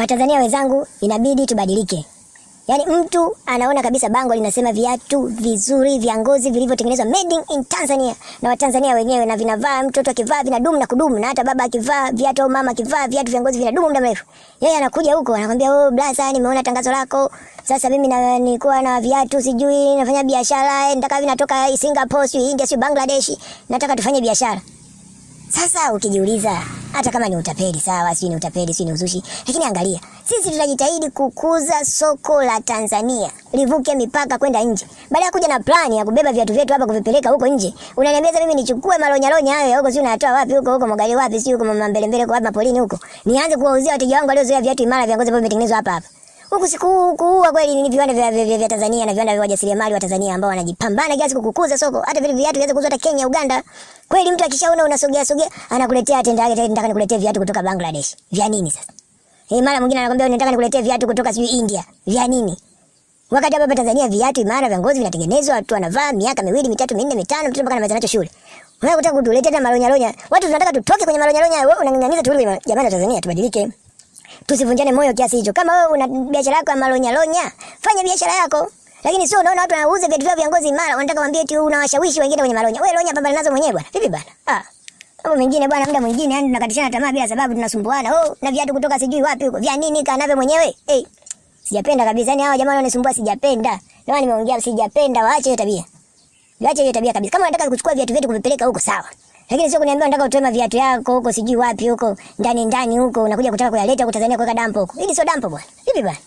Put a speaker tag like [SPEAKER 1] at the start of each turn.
[SPEAKER 1] Watanzania wenzangu, inabidi tubadilike. Yaani mtu anaona kabisa bango linasema viatu vizuri vya ngozi vilivyotengenezwa made in Tanzania na Watanzania wenyewe na vinavaa mtoto akivaa vinadumu na kudumu na hata baba akivaa viatu au mama akivaa viatu vya ngozi vinadumu muda mrefu. Yeye anakuja huko anakuambia, "Oh brother, nimeona tangazo lako. Sasa mimi na nilikuwa na viatu sijui nafanya biashara, eh, nataka vinatoka Singapore, sijui India, sijui Bangladesh, nataka tufanye biashara." Sasa ukijiuliza hata kama ni utapeli sawa, si ni utapeli, si ni uzushi, lakini angalia, sisi tunajitahidi kukuza soko la Tanzania livuke mipaka kwenda nje. Baada ya kuja na plani ya kubeba viatu vyetu hapa kuvipeleka huko nje, unaniambia mimi nichukue malonya lonya hayo huko, si unatoa wapi huko huko magari wapi, si huko mama mbele mbele kwa hapa polini huko, nianze kuwauzia wateja wangu waliozoea viatu imara vya ngozi ambavyo vimetengenezwa hapa hapa huku siku kuua kweli ni viwanda vya, vya, vya Tanzania na viwanda vya wajasiriamali wa Tanzania ambao wanajipambana kiasi kukukuza soko. Hata vile viatu viweze kuuzwa hata Kenya, Uganda. Kweli mtu akishaona unasogea sogea, anakuletea atenda yake nataka nikuletee viatu kutoka Bangladesh. Vya nini sasa? Eh, mara mwingine anakuambia nataka nikuletee viatu kutoka sijui India. Vya nini? Wakati hapa Tanzania viatu imara vya ngozi vinatengenezwa, watu wanavaa miaka miwili, mitatu, minne, mitano, mtoto mpaka anamaliza nacho shule. Wewe unataka kutuletea tena maronya ronya. Watu tunataka tutoke kwenye maronya ronya. Wewe unang'ang'aniza tu. kwenye jamii ya Tanzania tubadilike. Tusivunjane moyo kiasi hicho. Kama wewe una biashara yako ya maronya ronya, fanya biashara yako. Lakini sio unaona watu wanauza viatu vya viongozi imara, wanataka waambie eti unawashawishi wengine kwenye maronya. Wewe ronya pambana nazo mwenyewe bwana. Vipi bwana? Ah. Mambo mengine bwana, muda mwingine yani tunakatishana tamaa bila sababu, tunasumbuana. Oh, na viatu kutoka sijui wapi huko. Vya nini kana navyo mwenyewe? Eh. Hey. Sijapenda kabisa. Yaani hawa jamaa wanisumbua sijapenda. Na wao nimeongea sijapenda, waache hiyo tabia. Waache hiyo tabia kabisa. Kama unataka kuchukua viatu vyetu kuvipeleka huko sawa. Lakini sio kuniambia unataka utoe maviatu yako huko sijui wapi huko, ndani ndani huko, unakuja kutaka kuyaleta huko Tanzania kuweka dampo huko. Hili sio dampo bwana. Vipi bwana?